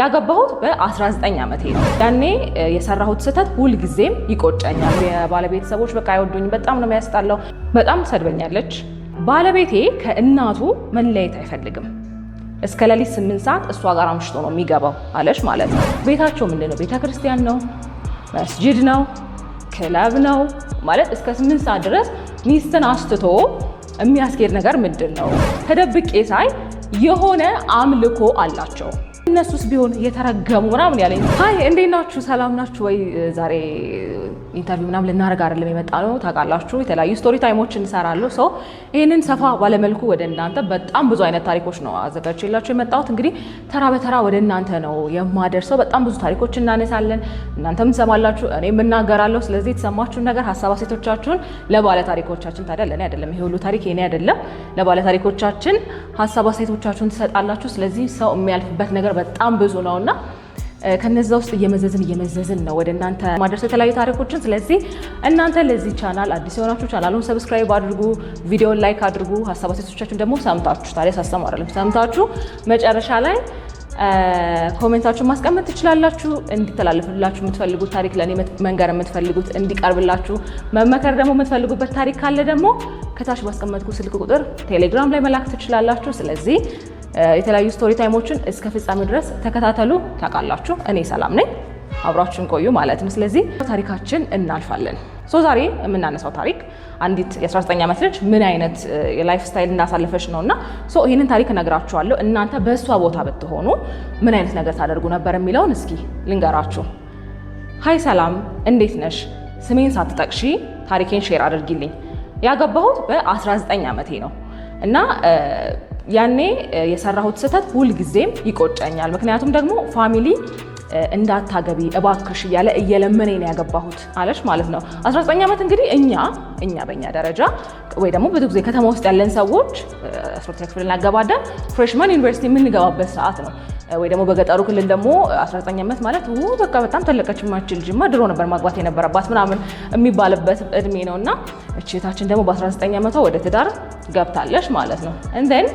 ያገባሁት በ19 ዓመቴ ነው። ያኔ የሰራሁት ስህተት ሁልጊዜም ይቆጨኛል። የባለቤተሰቦች በቃ አይወዱኝ፣ በጣም ነው የሚያስጣለው። በጣም ሰድበኛለች። ባለቤቴ ከእናቱ መለየት አይፈልግም። እስከ ሌሊት ስምንት ሰዓት እሷ ጋር አምሽቶ ነው የሚገባው አለች ማለት ነው። ቤታቸው ምንድን ነው? ቤተክርስቲያን ነው፣ መስጅድ ነው፣ ክለብ ነው ማለት እስከ ስምንት ሰዓት ድረስ ሚስትን አስትቶ የሚያስኬድ ነገር ምንድን ነው? ተደብቄ ሳይ የሆነ አምልኮ አላቸው። እነሱስ ቢሆን እየተረገሙ ምናምን ያለኝ። ሀይ እንዴት ናችሁ? ሰላም ናችሁ ወይ? ዛሬ ኢንተርቪው ምናምን ልናደርግ አይደለም የመጣ ነው። ታውቃላችሁ፣ የተለያዩ ስቶሪ ታይሞች እንሰራለሁ። ሰው ይህንን ሰፋ ባለመልኩ ወደ እናንተ በጣም ብዙ አይነት ታሪኮች ነው አዘጋጅቼላችሁ የመጣሁት። እንግዲህ ተራ በተራ ወደ እናንተ ነው የማደርሰው። በጣም ብዙ ታሪኮች እናነሳለን፣ እናንተም ትሰማላችሁ፣ እኔ የምናገራለሁ። ስለዚህ የተሰማችሁን ነገር ሀሳብ አሴቶቻችሁን ለባለ ታሪኮቻችን ታዲያ ለእኔ አይደለም ይሄ ሁሉ ታሪክ የኔ አይደለም። ለባለ ታሪኮቻችን ሀሳብ አሴቶቻችሁን ትሰጣላችሁ። ስለዚህ ሰው የሚያልፍበት ነገር በጣም ብዙ ነው እና ከነዛ ውስጥ እየመዘዝን እየመዘዝን ነው ወደ እናንተ ማድረስ የተለያዩ ታሪኮችን። ስለዚህ እናንተ ለዚህ ቻናል አዲስ የሆናችሁ ቻናሉን ሰብስክራይብ አድርጉ፣ ቪዲዮን ላይክ አድርጉ። ሀሳብ አስተያየቶቻችሁን ደግሞ ሰምታችሁ ታዲያ ሳስተማራለሁ ሰምታችሁ መጨረሻ ላይ ኮሜንታችሁን ማስቀመጥ ትችላላችሁ። እንዲተላለፍላችሁ የምትፈልጉት ታሪክ ለእኔ መንገር የምትፈልጉት እንዲቀርብላችሁ መመከር ደግሞ የምትፈልጉበት ታሪክ ካለ ደግሞ ከታች ባስቀመጥኩ ስልክ ቁጥር ቴሌግራም ላይ መላክ ትችላላችሁ። ስለዚህ የተለያዩ ስቶሪ ታይሞችን እስከ ፍጻሜ ድረስ ተከታተሉ። ታውቃላችሁ፣ እኔ ሰላም ነኝ። አብሯችን ቆዩ ማለት ነው። ስለዚህ ታሪካችን እናልፋለን። ሶ ዛሬ የምናነሳው ታሪክ አንዲት የ19 ዓመት ልጅ ምን አይነት የላይፍ ስታይል እንዳሳለፈች ነው እና ሶ ይህንን ታሪክ እነግራችኋለሁ። እናንተ በእሷ ቦታ ብትሆኑ ምን አይነት ነገር ታደርጉ ነበር የሚለውን እስኪ ልንገራችሁ። ሀይ ሰላም፣ እንዴት ነሽ? ስሜን ሳትጠቅሺ ታሪኬን ሼር አድርጊልኝ። ያገባሁት በ19 ዓመቴ ነው እና ያኔ የሰራሁት ስህተት ሁልጊዜም ይቆጨኛል። ምክንያቱም ደግሞ ፋሚሊ እንዳታገቢ እባክሽ እያለ እየለመኔ ነው ያገባሁት አለች ማለት ነው። 19 ዓመት እንግዲህ እኛ እኛ በእኛ ደረጃ ወይ ደግሞ ብዙ ጊዜ ከተማ ውስጥ ያለን ሰዎች አስሮቴ ክፍል እናገባደን ፍሬሽማን ዩኒቨርሲቲ የምንገባበት ሰዓት ነው። ወይ ደግሞ በገጠሩ ክልል ደግሞ 19 ዓመት ማለት በቃ በጣም ተለቀች ማችል ጅማ ድሮ ነበር ማግባት የነበረባት ምናምን የሚባልበት እድሜ ነው እና እችታችን ደግሞ በ19 ዓመቷ ወደ ትዳር ገብታለች ማለት ነው። እንዴን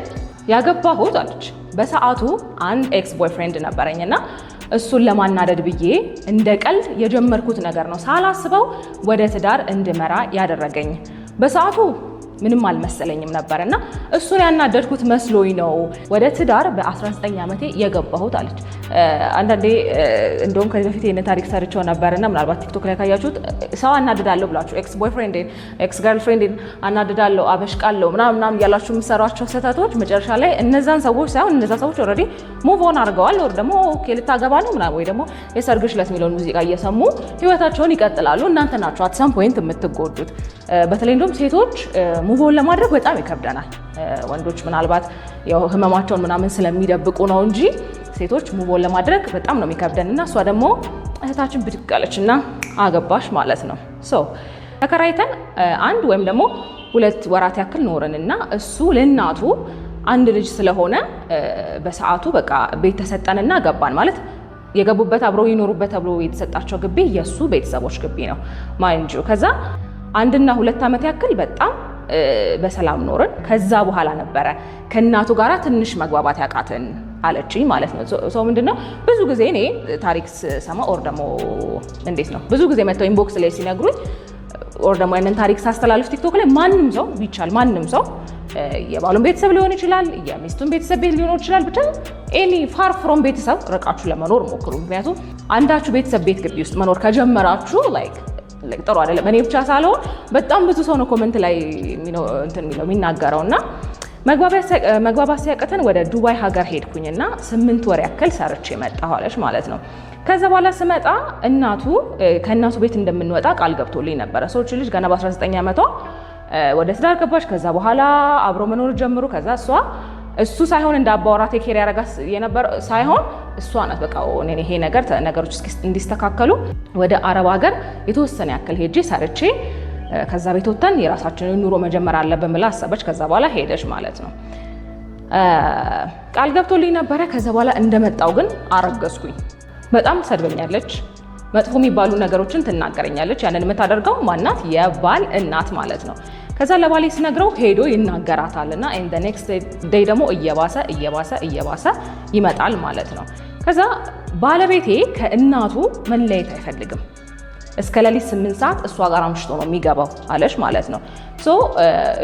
ያገባሁት አለች። በሰዓቱ አንድ ኤክስ ቦይፍሬንድ ነበረኝ እና እሱን ለማናደድ ብዬ እንደ ቀልድ የጀመርኩት ነገር ነው ሳላስበው ወደ ትዳር እንድመራ ያደረገኝ በሰዓቱ ምንም አልመሰለኝም ነበር እና እሱን ያናደድኩት መስሎኝ ነው ወደ ትዳር በ19 ዓመቴ የገባሁት አለች። አንዳንዴ እንደውም ከዚህ በፊት ይህን ታሪክ ሰርቸው ነበር ነበርና ምናልባት ቲክቶክ ላይ ካያችሁት ሰው አናድዳለሁ ብላችሁ ኤክስ ቦይፍሬንዴን፣ ኤክስ ገርልፍሬንዴን አናድዳለሁ፣ አበሽቃለሁ ምናምን ምናምን እያላችሁ የምሰሯቸው ስህተቶች መጨረሻ ላይ እነዛን ሰዎች ሳይሆን እነዛ ሰዎች ኦልሬዲ ሙቭ ኦን አድርገዋል ወር ደግሞ ኦኬ ልታገባ ነው ምናምን ወይ ደግሞ የሰርግሽ ዕለት የሚለውን ሙዚቃ እየሰሙ ህይወታቸውን ይቀጥላሉ። እናንተ ናችሁ አት ሰም ፖይንት የምትጎዱት። በተለይ እንደውም ሴቶች ሙቮን ለማድረግ በጣም ይከብደናል። ወንዶች ምናልባት ህመማቸውን ምናምን ስለሚደብቁ ነው እንጂ ሴቶች ሙቮን ለማድረግ በጣም ነው የሚከብደን እና እሷ ደግሞ እህታችን ብድግ አለች እና አገባሽ ማለት ነው። ተከራይተን አንድ ወይም ደግሞ ሁለት ወራት ያክል ኖርን እና እሱ ለእናቱ አንድ ልጅ ስለሆነ በሰዓቱ በቃ ቤት ተሰጠንና ገባን ማለት የገቡበት አብረው ይኖሩበት ተብሎ የተሰጣቸው ግቢ የእሱ ቤተሰቦች ግቢ ነው ማይንጁ ከዛ አንድና ሁለት ዓመት ያክል በጣም በሰላም ኖርን። ከዛ በኋላ ነበረ ከእናቱ ጋራ ትንሽ መግባባት ያቃትን አለችኝ ማለት ነው። ሰው ምንድን ነው ብዙ ጊዜ እኔ ታሪክ ስሰማ ኦር ደሞ እንዴት ነው ብዙ ጊዜ መጥተው ኢንቦክስ ላይ ሲነግሩኝ ኦር ደግሞ ያንን ታሪክ ሳስተላልፍ ቲክቶክ ላይ ማንም ሰው ቢቻል ማንም ሰው የባሉን ቤተሰብ ሊሆን ይችላል፣ የሚስቱን ቤተሰብ ቤት ሊሆን ይችላል። ብቻ ኤኒ ፋር ፍሮም ቤተሰብ ርቃችሁ ለመኖር ሞክሩ። ምክንያቱም አንዳችሁ ቤተሰብ ቤት ግቢ ውስጥ መኖር ከጀመራችሁ ላይክ ጥሩ አይደለም። እኔ ብቻ ሳልሆን በጣም ብዙ ሰው ነው ኮመንት ላይ እንትን የሚለው የሚናገረው እና መግባባት ሲያቅተን ወደ ዱባይ ሀገር ሄድኩኝና ስምንት ወር ያክል ሰርቼ መጣሁ አለች ማለት ነው። ከዛ በኋላ ስመጣ እናቱ ከእናቱ ቤት እንደምንወጣ ቃል ገብቶልኝ ነበረ። ሰዎች ልጅ ገና በ19 ዓመቷ ወደ ትዳር ገባች። ከዛ በኋላ አብሮ መኖር ጀምሩ። ከዛ እሷ እሱ ሳይሆን እንደ አባወራ ኬር የነበረ ሳይሆን እሷ ናት። በቃ ይሄ ነገር ነገሮች እንዲስተካከሉ ወደ አረብ ሀገር የተወሰነ ያክል ሄጄ ሰርቼ ከዛ ቤት ወጥተን የራሳችንን ኑሮ መጀመር አለብን ብላ አሰበች። ከዛ በኋላ ሄደች ማለት ነው። ቃል ገብቶልኝ ነበረ። ከዛ በኋላ እንደመጣው ግን አረገዝኩኝ። በጣም ትሰድበኛለች፣ መጥፎ የሚባሉ ነገሮችን ትናገረኛለች። ያንን የምታደርገው ማናት? የባል እናት ማለት ነው። ከዛ ለባሌ ሲነግረው ሄዶ ይናገራታል እና ኢንደ ኔክስት ዴይ ደግሞ እየባሰ እየባሰ እየባሰ ይመጣል ማለት ነው። ከዛ ባለቤቴ ከእናቱ መለየት አይፈልግም። እስከ ሌሊት ስምንት ሰዓት እሷ ጋር አምሽቶ ነው የሚገባው አለች ማለት ነው። ሶ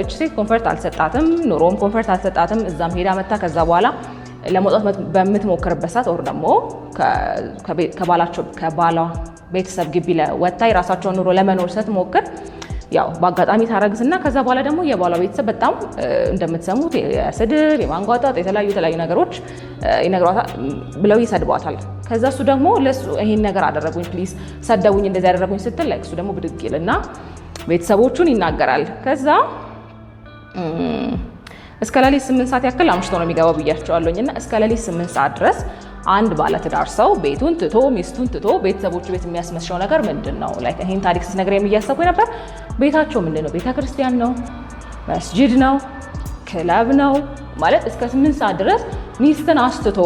እች ሴት ኮንፈርት አልሰጣትም፣ ኑሮም ኮንፈርት አልሰጣትም። እዛም ሄዳ መታ ከዛ በኋላ ለመውጣት በምትሞክርበት ሰዓት ወር ደግሞ ከባሏ ቤተሰብ ግቢ ወጥታ የራሳቸውን ኑሮ ለመኖር ስትሞክር ያው በአጋጣሚ ታረግዝና ከዛ በኋላ ደግሞ የባሏ ቤተሰብ በጣም እንደምትሰሙት የስድብ የማንጓጠጥ የተለያዩ የተለያዩ ነገሮች ይነግሯታል ብለው ይሰድቧታል። ከዛ እሱ ደግሞ ለሱ ይሄን ነገር አደረጉኝ ፕሊዝ ሰደቡኝ እንደዚህ ያደረጉኝ ስትል እሱ ደግሞ ብድግ ይልና ቤተሰቦቹን ይናገራል። ከዛ እስከ ሌሊት ስምንት ሰዓት ያክል አምሽቶ ነው የሚገባው ብያቸዋለኝ እና እስከ ሌሊት ስምንት ሰዓት ድረስ አንድ ባለትዳር ሰው ቤቱን ትቶ ሚስቱን ትቶ ቤተሰቦቹ ቤት የሚያስመስለው ነገር ምንድን ነው? ይህን ታሪክ ስትነግረኝ እያሰብኩኝ ነበር። ቤታቸው ምንድን ነው? ቤተ ክርስቲያን ነው፣ መስጂድ ነው፣ ክለብ ነው። ማለት እስከ ስምንት ሰዓት ድረስ ሚስትን አስትቶ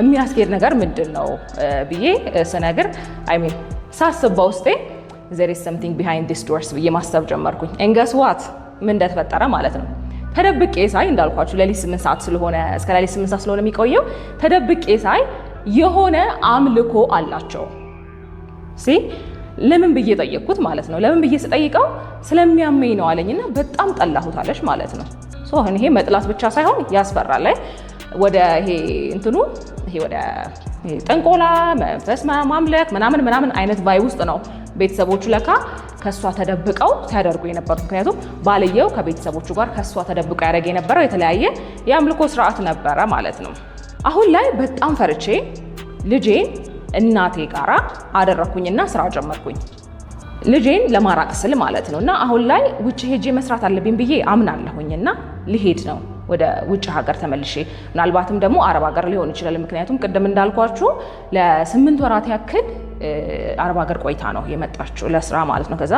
የሚያስኬድ ነገር ምንድን ነው ብዬ ስነግር አይሚን ሳስብ በውስጤ ዘር ኢዝ ሰምቲንግ ቢሃይንድ ዲስ ዶርስ ብዬ ማሰብ ጀመርኩኝ። ኤንገስ ዋት ምን እንደተፈጠረ ማለት ነው። ተደብቄ ሳይ እንዳልኳችሁ ለሊት ስምንት ሰዓት ስለሆነ እስከ ለሊት ስምንት ሰዓት ስለሆነ የሚቆየው ተደብቄ ሳይ የሆነ አምልኮ አላቸው ሲ ለምን ብዬ ጠየቅኩት ማለት ነው። ለምን ብዬ ስጠይቀው ስለሚያመኝ ነው አለኝና በጣም ጠላሁታለች ማለት ነው። ይሄ መጥላት ብቻ ሳይሆን ያስፈራል። ወደ ይሄ እንትኑ ይሄ ወደ ጥንቆላ መንፈስ ማምለክ ምናምን ምናምን አይነት ባይ ውስጥ ነው ቤተሰቦቹ ለካ ከእሷ ተደብቀው ሲያደርጉ የነበሩት። ምክንያቱም ባልየው ከቤተሰቦቹ ጋር ከእሷ ተደብቀው ያደረገ የነበረው የተለያየ የአምልኮ ስርዓት ነበረ ማለት ነው። አሁን ላይ በጣም ፈርቼ ልጄ እናቴ ጋራ አደረኩኝና ስራ ጀመርኩኝ። ልጄን ለማራቅ ስል ማለት ነው። እና አሁን ላይ ውጭ ሄጄ መስራት አለብኝ ብዬ አምናለሁኝ እና ልሄድ ነው ወደ ውጭ ሀገር ተመልሼ ምናልባትም ደግሞ አረብ ሀገር ሊሆን ይችላል። ምክንያቱም ቅድም እንዳልኳችሁ ለስምንት ወራት ያክል አረብ ሀገር ቆይታ ነው የመጣችው ለስራ ማለት ነው። ከዛ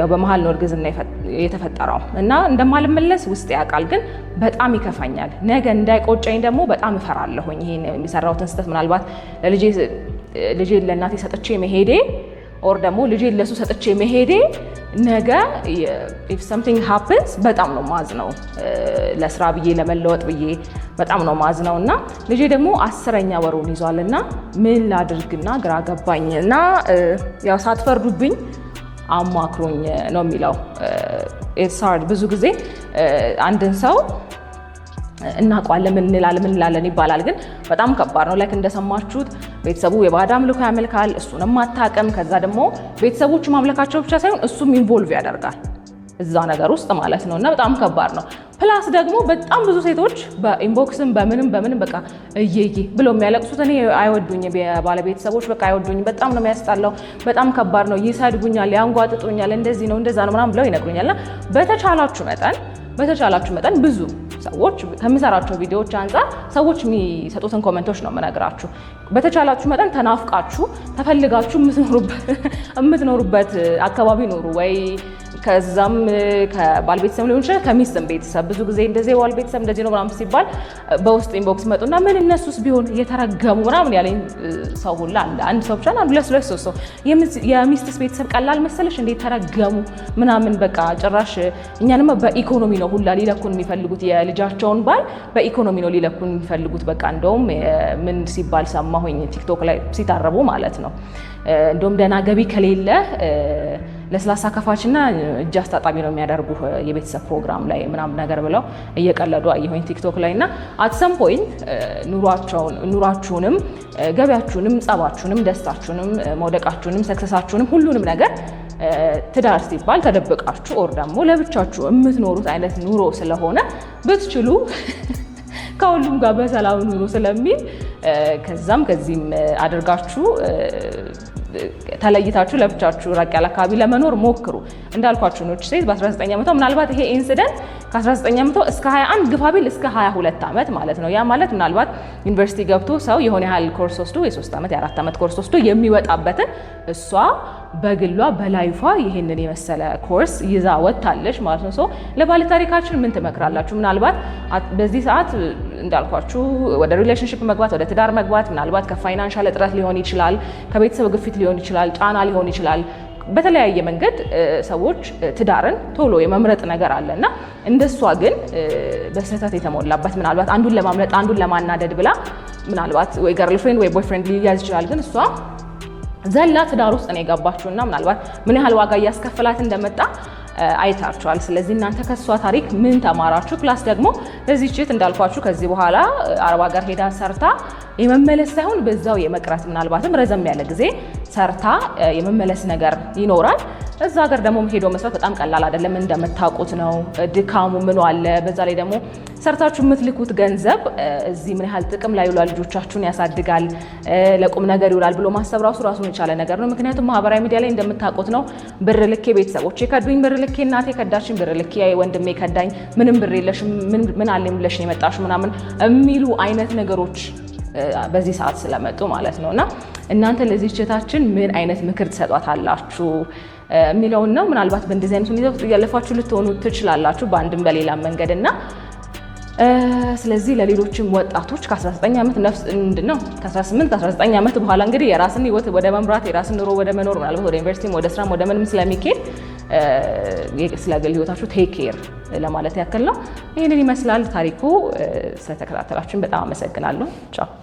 ያው በመሀል ነው እርግዝና የተፈጠረው እና እንደማልመለስ ውስጥ ያውቃል፣ ግን በጣም ይከፋኛል። ነገ እንዳይቆጨኝ ደግሞ በጣም እፈራለሁኝ። ይሄን የሚሰራውትን ስህተት ምናልባት ልጄ ለእናቴ ሰጥቼ መሄዴ ኦር ደግሞ ልጄ ለሱ ሰጥቼ መሄዴ ነገ ኢፍ ሰምቲንግ ሃፕንስ በጣም ነው ማዝ ነው ለስራ ብዬ ለመለወጥ ብዬ በጣም ነው ማዝ ነው እና ልጄ ደግሞ አስረኛ ወሩን ይዟል እና ምን ላድርግና ግራ ገባኝ እና ያው ሳትፈርዱብኝ አማክሮኝ ነው የሚለው ኤትሳርድ ብዙ ጊዜ አንድን ሰው እናውቀዋለን ምን እንላለን ምን እንላለን ይባላል፣ ግን በጣም ከባድ ነው። ላይክ እንደሰማችሁት ቤተሰቡ የባዕድ አምልኮ ያመልካል፣ እሱንም አታውቅም። ከዛ ደግሞ ቤተሰቦቹ ማምለካቸው ብቻ ሳይሆን እሱም ኢንቮልቭ ያደርጋል እዛ ነገር ውስጥ ማለት ነው እና በጣም ከባድ ነው። ፕላስ ደግሞ በጣም ብዙ ሴቶች በኢንቦክስም በምንም በምንም በቃ እየዬ ብሎ የሚያለቅሱት እኔ አይወዱኝም፣ ባለቤተሰቦች በቃ አይወዱኝም፣ በጣም ነው የሚያስጣለው፣ በጣም ከባድ ነው፣ ይሰድቡኛል፣ ያንጓጥጡኛል፣ እንደዚህ ነው እንደዛ ነው ምናምን ብለው ይነግሩኛል። እና በተቻላችሁ መጠን በተቻላችሁ መጠን ብዙ ሰዎች ከምሰራቸው ቪዲዮዎች አንጻር ሰዎች የሚሰጡትን ኮመንቶች ነው የምነግራችሁ። በተቻላችሁ መጠን ተናፍቃችሁ ተፈልጋችሁ የምትኖሩበት አካባቢ ኖሩ ወይ ከዛም ከባል ቤተሰብ ሊሆን ይችላል፣ ከሚስትም ቤተሰብ። ብዙ ጊዜ እንደዚህ የባል ቤተሰብ እንደዚህ ነው ምናምን ሲባል በውስጥ ኢንቦክስ መጡና ምን እነሱስ ቢሆን እየተረገሙ ምናምን ያለኝ ሰው ሁላ አለ። አንድ ሰው ብቻ አንዱ ለስለስ ሰው ሰው የሚስትስ ቤተሰብ ቀላል መሰለሽ እንዴ ተረገሙ ምናምን በቃ ጭራሽ እኛንማ በኢኮኖሚ ነው ሁላ ሊለኩን የሚፈልጉት የልጅ የልጃቸውን ባል በኢኮኖሚ ነው ሊለኩ የሚፈልጉት። በቃ እንደውም ምን ሲባል ሰማሁኝ ቲክቶክ ላይ ሲታረቡ ማለት ነው። እንደውም ደህና ገቢ ከሌለ ለስላሳ ከፋችና እጅ አስታጣቢ ነው የሚያደርጉ የቤተሰብ ፕሮግራም ላይ ምናምን ነገር ብለው እየቀለዱ አየሁኝ ቲክቶክ ላይ እና አትሰም ፖይንት ኑሯችሁንም ገቢያችሁንም ጸባችሁንም ደስታችሁንም መውደቃችሁንም ሰክሰሳችሁንም ሁሉንም ነገር ትዳር ሲባል ተደብቃችሁ ኦር ደግሞ ለብቻችሁ የምትኖሩት አይነት ኑሮ ስለሆነ ብትችሉ ከሁሉም ጋር በሰላም ኑሮ ስለሚል ከዛም ከዚህም አድርጋችሁ ተለይታችሁ ለብቻችሁ ራቅ ያለ አካባቢ ለመኖር ሞክሩ። እንዳልኳችሁ ኖች ሴት በ19 ዓመቷ ምናልባት ይሄ ኢንሲደንት ከ19 ዓመቷ እስከ 21 ግፋቢል እስከ 22 ዓመት ማለት ነው። ያ ማለት ምናልባት ዩኒቨርሲቲ ገብቶ ሰው የሆነ ያህል ኮርስ ወስዶ የ3 ዓመት የ4 ዓመት ኮርስ ወስዶ የሚወጣበትን እሷ በግሏ በላይፏ ይህንን የመሰለ ኮርስ ይዛ ወጥታለች ማለት ነው። ለባለታሪካችን ምን ትመክራላችሁ? ምናልባት በዚህ ሰዓት እንዳልኳችሁ ወደ ሪሌሽንሽፕ መግባት፣ ወደ ትዳር መግባት ምናልባት ከፋይናንሻል እጥረት ሊሆን ይችላል፣ ከቤተሰብ ግፊት ሊሆን ይችላል፣ ጫና ሊሆን ይችላል። በተለያየ መንገድ ሰዎች ትዳርን ቶሎ የመምረጥ ነገር አለ እና እንደሷ ግን በስህተት የተሞላበት ምናልባት አንዱን ለማምለጥ አንዱን ለማናደድ ብላ ምናልባት ወይ ገርል ፍሬንድ ወይ ቦይ ፍሬንድ ሊያዝ ይችላል። ግን እሷ ዘላ ትዳር ውስጥ ነው የገባችው እና ምናልባት ምን ያህል ዋጋ እያስከፍላት እንደመጣ አይታችኋል። ስለዚህ እናንተ ከእሷ ታሪክ ምን ተማራችሁ? ፕላስ ደግሞ በዚህ ችት እንዳልኳችሁ ከዚህ በኋላ አረብ ሀገር ሄዳ ሰርታ የመመለስ ሳይሆን በዛው የመቅረት ምናልባትም ረዘም ያለ ጊዜ ሰርታ የመመለስ ነገር ይኖራል። እዛ ሀገር ደግሞ ሄዶ መስራት በጣም ቀላል አይደለም፣ እንደምታውቁት ነው። ድካሙ ምኑ አለ። በዛ ላይ ደግሞ ሰርታችሁ የምትልኩት ገንዘብ እዚህ ምን ያህል ጥቅም ላይ ይውላል፣ ልጆቻችሁን ያሳድጋል፣ ለቁም ነገር ይውላል ብሎ ማሰብ ራሱ ራሱን የቻለ ነገር ነው። ምክንያቱም ማህበራዊ ሚዲያ ላይ እንደምታውቁት ነው፣ ብር ልኬ፣ ቤተሰቦች የከዱኝ ብር ልኬ፣ እናቴ ከዳችኝ ብር ልኬ፣ ወንድሜ ከዳኝ፣ ምንም ብር የለሽ ምን አለ ነው የመጣሽ ምናምን የሚሉ አይነት ነገሮች በዚህ ሰዓት ስለመጡ ማለት ነው። እና እናንተ ለዚህ እህታችን ምን አይነት ምክር ትሰጧታላችሁ? የሚለውን ነው። ምናልባት በእንደዚህ አይነት ሁኔታ ውስጥ እያለፋችሁ ልትሆኑ ትችላላችሁ በአንድም በሌላ መንገድ እና ስለዚህ ለሌሎችም ወጣቶች ከ19 ዓመት ነፍስ ምንድን ነው ከ18 19 ዓመት በኋላ እንግዲህ የራስን ህይወት ወደ መምራት የራስን ኑሮ ወደ መኖር ምናልባት ወደ ዩኒቨርሲቲ ወደ ስራም ወደ ምንም ስለሚኬድ ስለ ግል ህይወታችሁ ቴክ ኬር ለማለት ያክል ነው። ይህንን ይመስላል ታሪኩ። ስለተከታተላችሁን በጣም አመሰግናለሁ። ቻው